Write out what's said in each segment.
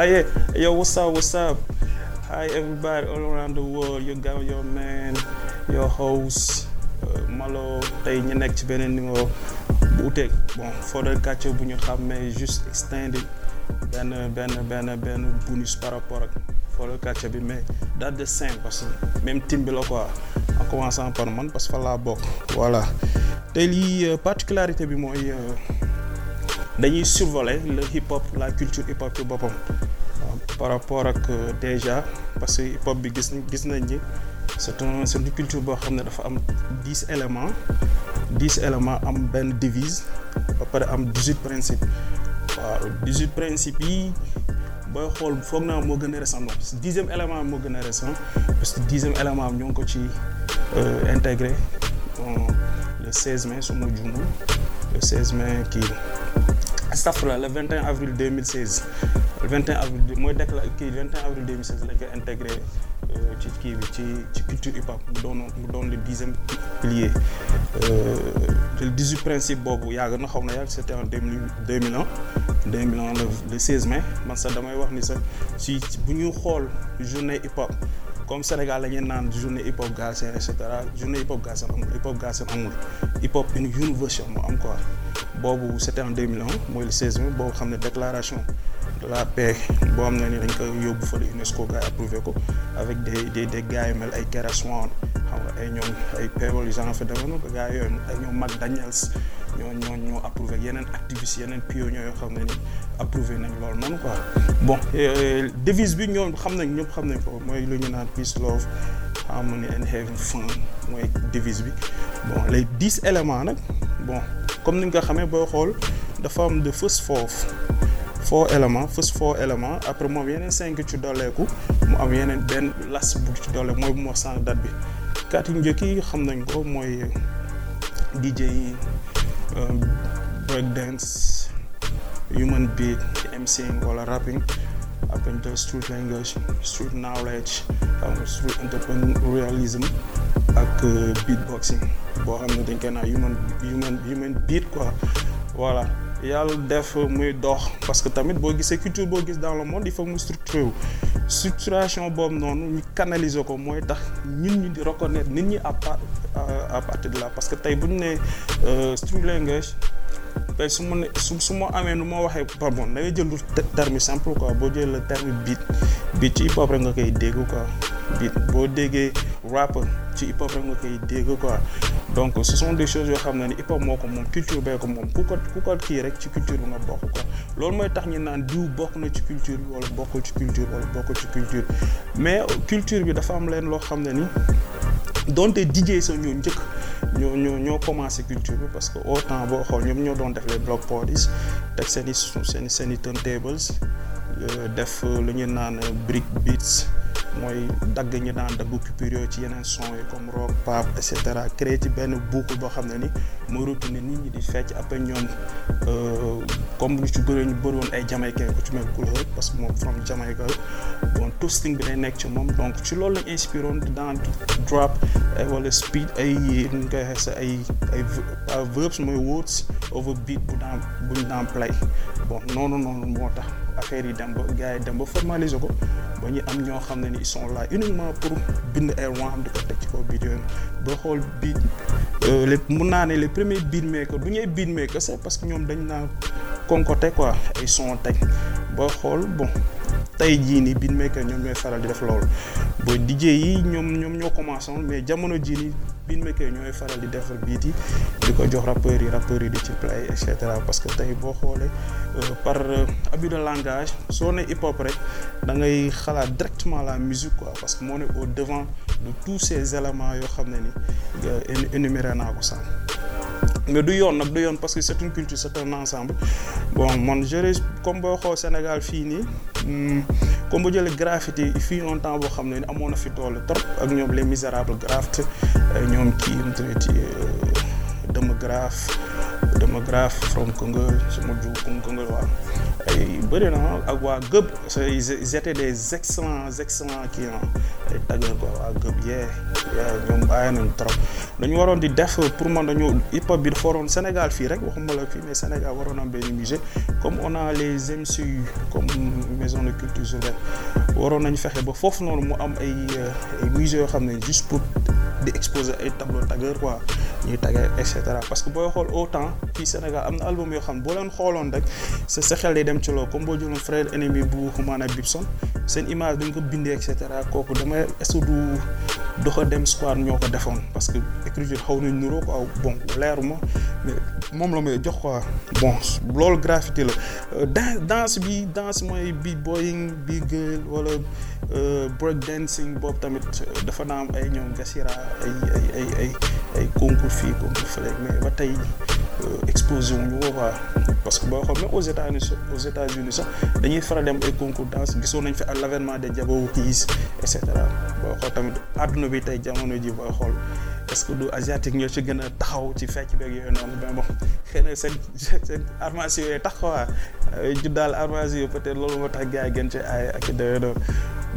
ah yow yo, what's up, what's up? Hi, everybody all around the world. Your guy, your man, your host, uh, Malo. Tey ñu nekk ci beneen numéro bu uteeg bon Fodel Katché bu ñu xam mais juste extended benn benn benn benn bonus par rapport ak Fodel Katché bi mais date de saint parce que même team bi la quoi en par man parce que fa laa bokk. voilà tey lii euh, particularité bi mooy euh, dañuy survoler la hip hop la culture hip hop ci boppam. par rapport ak euh, déjà parce que hip bi gis gis nañ ni c'est un culture boo xam ne dafa am dix élément dix éléments am benn divise ba pare am dix-huit principes waaw dix-huit principes yi booy xool foog naa moo gën a récent moom dixième élément moo gën a récent parce que dixième élément am ñoo ngi ko ci euh, intégré le 16 mai su ma juumul le 16 mai kii. astafurlah le 21 avril 2016 le 21 avril mooy déclaré kii 21 avril 2016 lañ ko intégré euh, ci kii bi ci ci culture hip hop mu doon mu doon le dixième pilier euh, te le 18 principe boobu yàgg na xaw na yàgg c'était en 2001 2001 le 16 mai man sax damay wax ni sax si bu ñuy xool journée hip hop. comme Sénégal la ñuy naan journée hip hop Galsen et cetera journée hip hop Galsen amul hip hop Galsen amul hip hop une universal moo am boobu c'était en mooy le 16 mai boobu xam ne déclaration de la paix ne dañ ko yóbbu fa la UNESCO ko avec des des des gars mel ay Kera Swan xam nga ay ñoom ay Pavel Janofedavenot gars yooyu ay ñoom Mac Daniels ñoo ñoo ñoo approuvé yeneen activistes yeneen pionniers yoo xam ne ni approuvé nañ loolu noonu quoi bon euh, devise bi ñoo xam nañ ñëpp xam nañ ko mooy lu ñu naan peace love harmony and having fun mooy devise bi bon les dix éléments nag bon comme ni nga ko xamee booy xool dafa am de fës foofu foo élément fës foo élément après moom yeneen cinq ci dooleeku mu am yeneen benn last bu ci doole mooy bu ma sànq date bi kat yu xam nañ ko mooy DJ yi euh, break dance human beat MCing wala rapping up into street language street knowledge street entrepreneurialism ak euh, beatboxing boo xam ne dañ koy naan human human human beat quoi voilà yàlla def muy dox parce que tamit boo gisee culture boo gis dans le monde il faut mu structuré wu structuration boobu noonu ñu canaliser ko mooy tax ñun ñu di reconnaître nit ñi à part de là parce que tey bu ñu ne euh, street language tey su ma ne su su ma amee nu ma waxee pardon da ngay jël lu terme simple quoi boo jël le terme beat beat ci hip hop nga koy dégg quoi beat boo déggee rap ci hip hop rek nga koy dégg quoi donc ce sont des choses yoo xam ne ni hip hop moo ko moom culture bee ko moom ku ko ku ko kii rek ci culture bi nga bokk ko loolu mooy tax ñu naan diw bokk na ci culture bi wala bokkul ci culture wala bokkul mais culture bi dafa am leen loo xam ne ni donte DJ sa ñoo njëkk ñoo ñoo commencé culture bi parce que au temps boo xool ñoom ñoo doon def les block parties teg seen i seen i seen i turntables euh, def euh, lu ñu naan euh, brick beats mooy dagg ñu daan daggu coupure yooyu ci yeneen son yi comme rock pop et cetera ci benn boucle boo xam ne ni mooy moo retourné nit ñi di fecc après ñoom euh, comme ñu ci bëri ñu bëri woon ay jamaïcain ku ci parce que moom from Jamaica bon toasting bi day nekk ci moom donc ci loolu lañ inspiré woon dans drop wala speed ay ñu koy waxee ay ay verbs mooy words over beat bu daan buñ daan play bon noonu noonu moo tax affaire yi dem ba gars yi dem ba formaliser ko ba ñu am ñoo xam ne ni ils sont là uniquement pour bind ay wànq di ko teg ci kaw vidéo ba xool biir euh, les mun naa ne les premiers beatmaker du ñuy beatmaker c'est parce que ñoom dañ naa concocter quoi ay son teg boo xool bon. tey jii nii beatmaker ñoom ñooy faral di def loolu ba DJ yi ñoom ñoom ñoo commencé mais jamono jii nii beat maker ñooy faral di defar beat yi di ko jox rappeurs yi rappeurs yi di ci play et cetera parce que tey boo xoolee euh, par euh, abus de langage soo ne hip hop rek da ngay xalaat directement la musique quoi parce que moo ne au devant de tous ces éléments yoo xam ne ni euh, énuméré naa ko sànq mais du yoon nag du yoon parce que c'est une culture c'est un ensemble bon man jëre comme boo xoo Sénégal fii nii hmm, comme bu jëlee graffiti fii un temps boo xam ne amoon na fi tool trop ak ñoom les misérables graffiti ñoom kii mu tuddati euh, Demograaphe. sama graph from Koungheul sama ju Koungheul waaw ay bëri na ak waa gëb ils étaient des excellents excellents clients ay taggeur ko waa gëb yee ñoom bàyyi nañ trop dañu waroon di def pour man dañu hip hop bi dafa waroon Sénégal fii rek waxuma la fii mais Sénégal waroon am benn musée comme on a les si comme maison de culture urbaine waroon nañu fexe ba foofu noonu mu am ay euh, ay musée yoo xam ne juste pour di exposer ay tableau tagueur quoi ñuy taguer et cetera parce que booy xool autant fii Sénégal am na album yoo xam ne boo leen xooloon rek sa sa xel day dem ci loolu comme boo jëloon frère ennemi bu Humana Bibson seen image dañ ko bindee et cetera kooku dama est doxa dem squad ñoo ko defoon parce que écriture xaw nañ nuroo ko aw bonk leeruma mais moom la may jox quoi bon loolu graffiti la euh, dan danse bi danse mooy b-boying b-girl wala euh, break dancing boobu tamit euh, dafa naa am ay ñoom gasira ay ay ay ay ay concours fii concours fële mais ba tey exposé wuñu ko quoi parce que boo xoolee aux aux États-Unis sax dañuy faral dem ay concours danse gisoon nañ fi à l'avènement des Jabawoo Kids et cetera xool tamit àdduna bi tey jamono ji booy xool est-ce que du asiatique ñoo ci gën a taxaw ci fecc beeg yooyu noonu mais bon xëy na seen seen tax quoi euh, daal armes yooyu peut moo tax gars yi gën ci ay ak yooyu noonu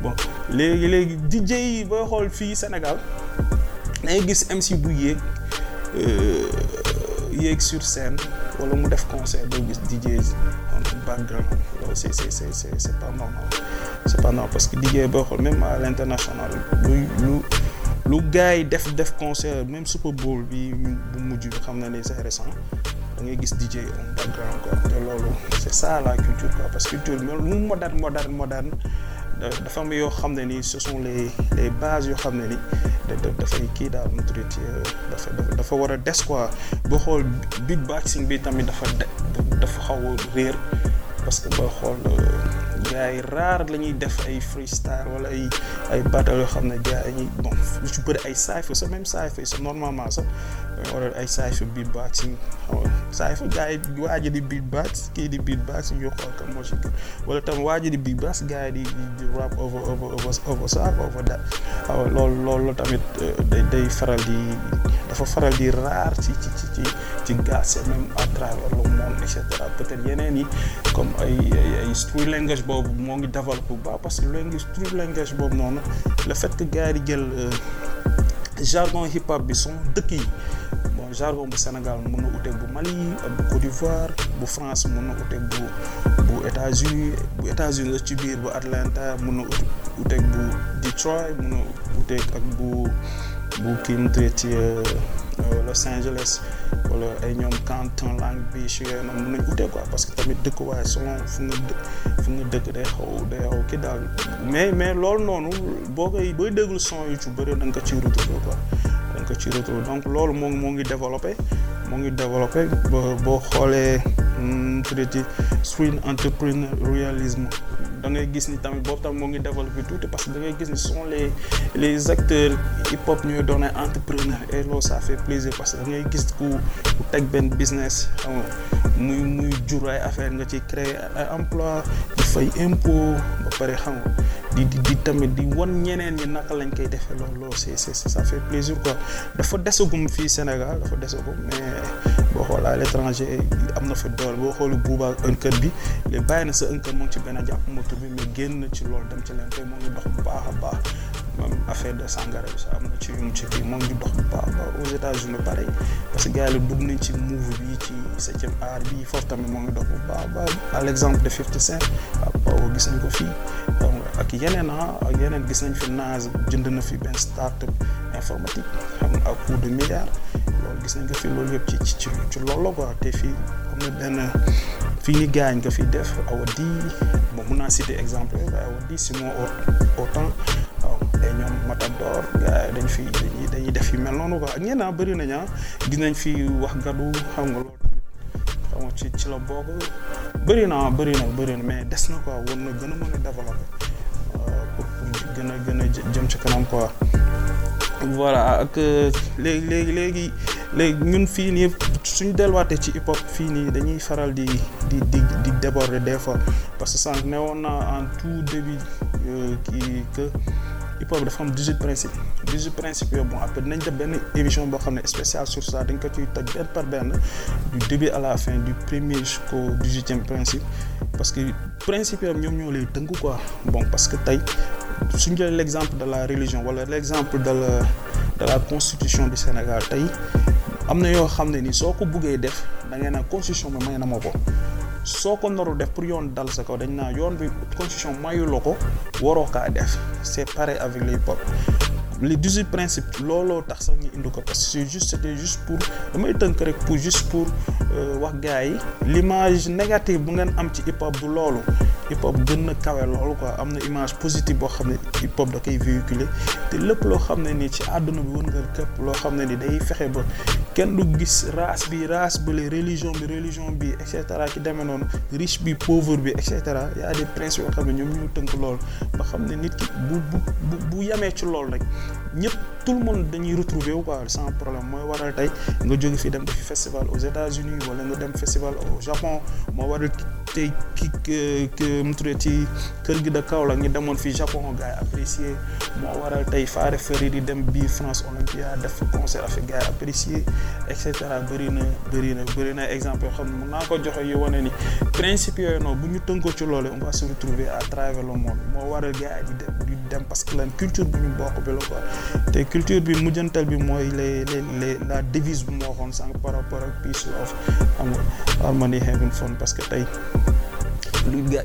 bon léegi léegi DJ yi booy xool fii Sénégal dangay gis MC bu yéeg sur scène wala mu def concert doo gis DJ en background loolu c'est c'est c'est c'est pas normal normal parce que DJ boo xool même à l'international lu lu lu gars yi def def concert même Super Bowl bi bu mujj bi xam na ne c'est récent da gis DJ background quoi loolu c'est ça la culture quoi parce culture bi loolu mu moderne dafa am yoo xam ne ni ce sont les les bases yoo xam ne ni dafay kii daal mu tudd euh, dafa war a des quoi boo xool beatboxing bi tamit dafa dafa xaw a réer parce que boo xool euh, gars raar la ñuy def ay freestyle wala ay ay battle yoo xam ne gars yi bon lu ci bëri ay cypher sa même cypher sa normalement sax waral ay saay su beat baat si xam nga saay su gars yi waaj di beat baat kii di beat baat ñu xool kan moo ci gën wala tam waaj di beat baat gars di di rap over over over tamit eh, day day faral di dafa faral di raar ci ci ci ci ci gars yi même à yeneen yi comme ay ay street language boobu moo ngi développé bu ba parce que language street language boobu noonu le fait que di jël. Euh, jargon hip hop bi son dëkk yi bon jargon bu Sénégal mun na uteeg bu Mali ak bu Côte d'Ivoire bu France mun na uteeg bu bu états bu États-Unis la ci biir bu Atlanta mun na uteeg bu Detroit mun na uteeg ak bu bu kii mu ci euh, Los Angeles wala ay ñoom Canton langue bi si yooyu noonu mën nañ utee quoi parce que tamit dëkkuwaay selon fu nga dë fu nga dëkk day xaw day xaw kii daal mais mais loolu noonu boo koy booy déglu son yu ci bëri da ko ciy retrouver quoi da nga ko ciy retrouver donc loolu moo moo ngi développé moo ngi développé boo xoolee. Hmm, tuddati swing entrepreneurialisme da ngay gis ni tamit boobu tamit moo ngi développé tuuti parce que da ngay gis ni sont les les acteurs hip hop ñooy doon ay entrepreneur et loolu ça fait plaisir parce que da ngay gis ku ku teg benn business xam muy muy jur ay affaire nga ci créer ay emploi di fay ba pare xam nga di di di tamit di wan ñeneen ñi naka lañ koy defee loolu loolu c'est fait plaisir quoi dafa desagum fii Sénégal dafa desagum mais boo xool à l'étranger am na fa doole boo xoolu buuba ënkër bi léegi bàyyi na sa ënkër moom ci benn jàpp moto bi mais génn ci loolu dem ci leen tey moo ngi dox bu baax a baax même affaire de am ci yum moo ngi dox a baax aux États-Unis pareil parce que gars nañ ci move bi ci septième art bi foofu tamit moo ngi dox bu baax a baax à l'exemple de Fifty Cent waaw ah, gis nañ ak yeneen a ah, ak yeneen gis nañ fi naas jënd na fi benn start-up informatique xam nga à coup de milliard gis nañ ko fi loolu yëpp ci ci la quoi te fii am na benn fii fi def awa di moom mun naa citer exemple waaye eh, awa di Simon Autant Matador gars dañ fi dañuy def yu mel noonu quoi ak ñenn ah, bëri nañ gis nañ fi wax gadu xam nga loolu tamit xam nga ci la bokk bëri na ah, bëri na bëri na mais des na quoi war na gën a mën a développer euh, gën a gën a jëm ci kanam quoi. voilà ak léegi léegi léegi léegi ñun fii nii suñ delluwaatee ci hip hop fii nii dañuy faral di di di di déborder des fois parce que sànq ne woon naa en tout début euh, kii que hip hop dafa am 18 principes 18 principes yooyu bon après nañ def benn émission boo xam ne spéciale sur ça dañ ko ciy toj benn par benn du début à la fin du premier jusqu'au 18e principe parce que principe yooyu ñoom ñoo lay tënk quoi bon parce que tey. suñ jëlee l'exemple de la religion wala l'exemple de la de la constitution du Sénégal tey am na yoo xam ne ni soo ko buggee def da ngay naan constitution bi may na ma ko soo ko naru def pour yoon dal sa kaw dañ naa yoon bi constitution mayu la ko waroo kaa def c'est pareil avec les peuples les dix-huit looloo tax sax ñu indi ko parce que c'est juste c'était juste pour damay tënk rek pour juste pour euh, wax gars yi l'image négative bu ngeen am ci hip hop bu loolu hip hop gën na kawe loolu quoi am na image positive boo xam ne hip hop da koy véhiculer te lépp loo xam ne nii ci àdduna bi wën nga képp loo xam ne ni day fexe ba kenn du gis race bi race bële religion bi religion bi et cetera ci demee noonu riche bi pauvre bi et cetera y a des principes yoo xam tënk loolu ba xam ne nit ki bu bu bu yemee ci loolu rek ñëpp tout le monde dañuy retrouver wu quoi sans problème mooy waral tey nga jóge fi dem defi festival aux États-Unis wala nga dem festival au Japon moo waral tey ki mu tuddee ci kër gi de Kaolack ñu demoon fii Japon apprécié moo waral tey faare fëri di dem biir France Olympia def concert affaire gars yi apprécié et cetera bëri na bëri na bëri na exemple yoo xam ne mën naa ko joxe yu wane ni principe yooyu noonu bu ñu tënkoo ci loolu on va se retrouver à travers le monde moo waral gars a di dem di parce que lan culture bi ñu bokk bi la quoi te culture bi mujjantal bi mooy les la devise bu moo waxoon sànq par rapport ak peace love xam heaven fun parce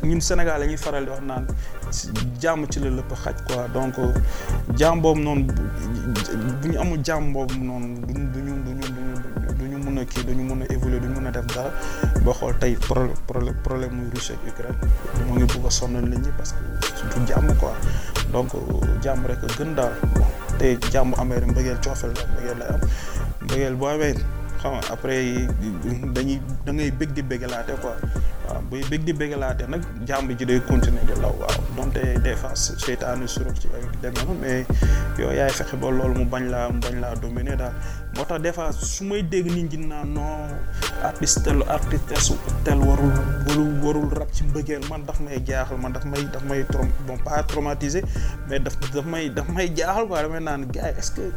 ñun Sénégal la ñuy faral di wax naan jàmm ci la lëpp xaj quoi donc jàmm boobu noonu bu ñu amul jàmm boobu noonu duñu duñu duñu duñu mën a kii duñu mën a évoluer duñu mën a def dara boo xool tey problème problème muy Russie ak Ukraine mu ngi bugg a sonal nit ñi parce que du jàmm quoi donc jàmm rek a gën daal te jàmm amee rek mbëggeel coofeel la mbëggeel boo amee xam nga après dañuy da ngay bëgg di bëggalaate quoi. buy bëgg di bëggalaate nag jàmb ji day continuer di law waaw donte des fois seytaane surug ci ak demee mais yow yaay fexe ba loolu mu bañ laa mu bañ laa dominer daal moo tax des fois su may dégg nit ñi naan non artiste tel artiste tel warul warul warul rap ci mbëggeel man daf may jaaxal man daf may daf may trom bon pas traumatisé mais daf may daf may jaaxal quoi damay naan gars yi est-ce que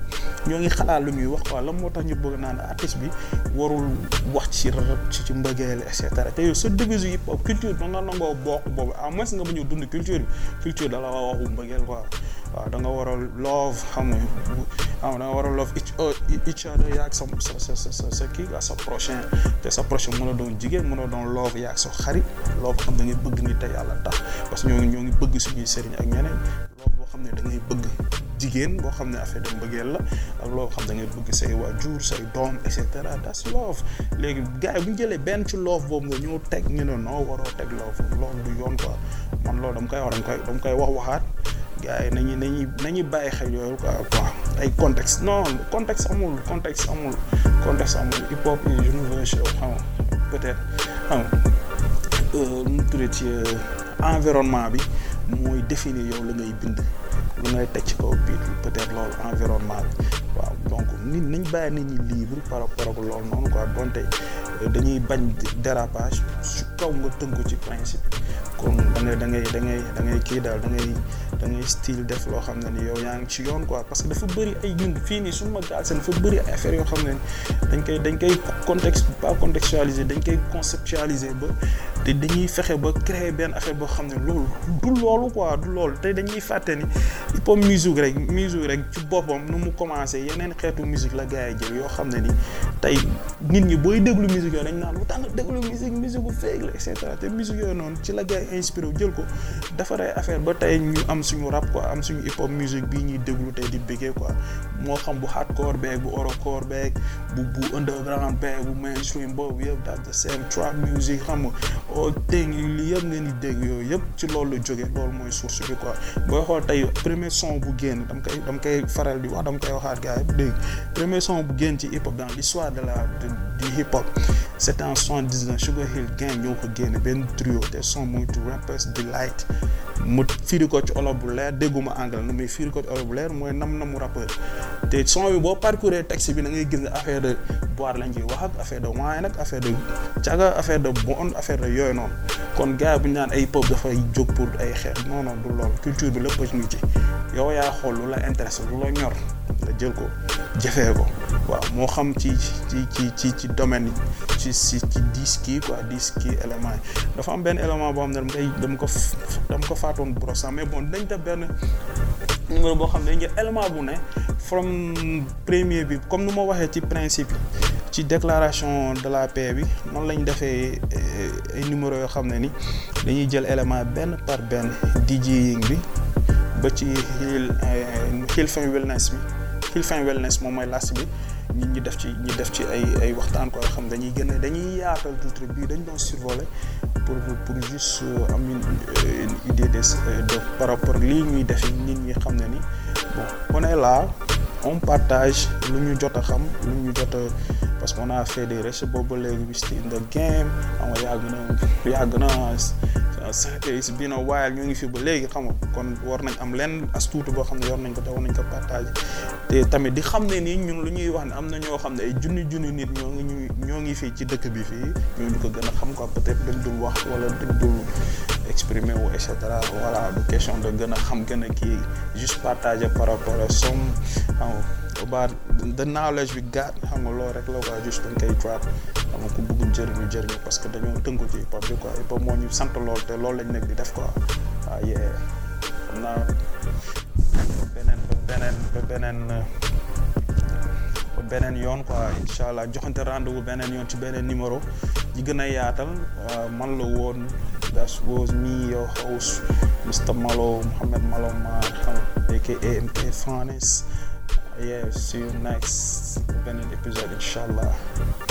ñoo ngi xalaat lu ñuy wax quoi lan moo tax ñu bëgg naan artiste bi warul wax ci rap ci ci mbëggeel et cetera te yow sa devise hip hop culture da nga nangoo bokk boobu à moins nga ba ñu dund culture bi culture da la wax waxu mbëggeel quoi. waaw da nga war a love xam nga xam da nga war a love each uh, each other yaag sa sa sa kii nga sa prochain te sa prochain mun a doon jigéen mën a doon love yaag sa xarit love xam da ngay bëgg ni te yàlla tax parce ñoo ngi ñoo ngi bëgg suñuy sëriñ ak ñeneen love boo xam ne da ngay bëgg jigéen boo xam ne affaire de mbëggeel la ak loo xam da ngay bëgg say waajur say doom et cetera that's love léegi gars yi bu ñu jëlee benn ci love boobu ñëw teg ñu noo waroo teg love loolu du yoon ko man loolu dam koy wax dama koy dama koy wax waxaat gars yi nañu nañuy bàyyi xel yooyu quoi quoi ay contexte non contexte amul contexte amul contexte amul hip hop peut-être xam euh, nu tuddee ci euh, environnement bi mooy définir yow lu ngay bind lu ngay teg ci kaw biir peut-être loolu environnement bi waaw donc nit nañ bàyyi nit ñi libre par rapport loolu noonu quoi donte euh, dañuy bañ dérapage su kaw nga tënku ci principe kon da ngay da ngay daal da da ngay style def loo xam ne ni yow yaa ngi ci yoon quoi parce dafa bëri ay ñun fii nii suñu daal seen dafa bëri ay dañ koy dañ koy contexte pas contextualiser dañ koy conceptualiser ba te dañuy fexe ba créer benn affaire boo xam ne loolu du loolu quoi du loolu te dañuy fàtte ni hip hop musique rek musique rek ci boppam nu mu commencé yeneen xeetu la gars yoo xam ne ni tey nit ñi booy déglu musique yooyu dañ naan lu tax nga déglu musique musique bu feeg la et te musique yooyu noonu ci la gars yi inspiré jël ko defaree affaire ba tey ñu am suñu rap quoi am suñu hip hop musique bii ñuy déglu tey di bëggee quoi moo xam bu hardcore beeg bu horrorcore beeg bu bu underground beeg bu mainstream boobu yëpp daal the same trap music xam nga all li yëpp ngeen di dégg yooyu yëpp ci loolu la jógee loolu mooy source bi quoi booy xool tey premier son bu génn dam koy dam koy faral di wax dam koy waxaat gars yi dégg premier son bu génn ci hip hop dans l'histoire de la du hip hop c'est en 79 Sugar Hill Gang ñoo ko génne benn trio te son mu ngi tudd Rappers Delight mu firi ko ci olof bu leer dégguma anglais mais firi ko ci olof bu leer mooy nam namu rappeur te son bi boo parcourir texte bi da ngay gis ne affaire de boire lañ ciy wax ak affaire de wine nag affaire de caga affaire de affaire de yooyu noonu kon gars bu ñu naan ay pop dafay jóg pour ay xeet non non du loolu culture bi lépp a ci yow yaa xool lu la intéressé lu la ñor nga jël ko jëfee ko. waaw moo xam ci ci ci ci ci domaine ci ci ci disque yi quoi disque élément yi dafa am benn élément boo xam ne dama koy ko dama ko faatoon brosan mais bon dañ def benn numéro boo xam ne dañ élément bu ne from premier bi comme nu ma waxee ci principe ci déclaration de la paix bi noonu lañ defee ay numéro yoo xam ne ni dañuy jël élément benn par benn DJing bi ba ci hill hill fin bi Pilfin Wellness moom mooy last bi ñun ñu def ci ñu def ci ay ay waxtaan ko xam dañuy gën a dañuy yaatal tout truc bii dañ doon survoler pour pour juste euh, am une idée de de par rapport lii ñuy def nit ñi xam ne ni bon on est là partage lu ñu jot a xam lu ñu jot parce que a fait des recherches boobu léegi we still in the yàgg na yàgg us te si been a ñoo ngi fi ba léegi xam nga kon war nañ am lenn as tuuti boo xam ne war nañ ko te war nañ ko partager te tamit di xam ne nii ñun lu ñuy wax ne am na ñoo xam ne ay junni junni nit ñoo ngi ñu ñoo ngi fii ci dëkk bi fii ñoo ñu ko gën a xam quoi peut-être dañ dul wax walla dañ dul exprimer wu et cetera voilà du question de gën a xam gën a kii juste partager par rapport à som ba da about bi knowledge we xam nga loolu rek la quoi juste dañ koy donc ku bëgg jëriñu jëriñu parce que dañoo tënku ci hip hop bi quoi hip moo ñu sant lool te loolu lañ nekk di def quoi waaw yee beneen beneen beneen yoon quoi incha allah joxante rendez bu beneen yoon ci beneen numéro yi gën a yaatal man la woon that was me your host Mr Malo Mohamed Malo Mar aka MK Fanes yeah see you beneen épisode incha allah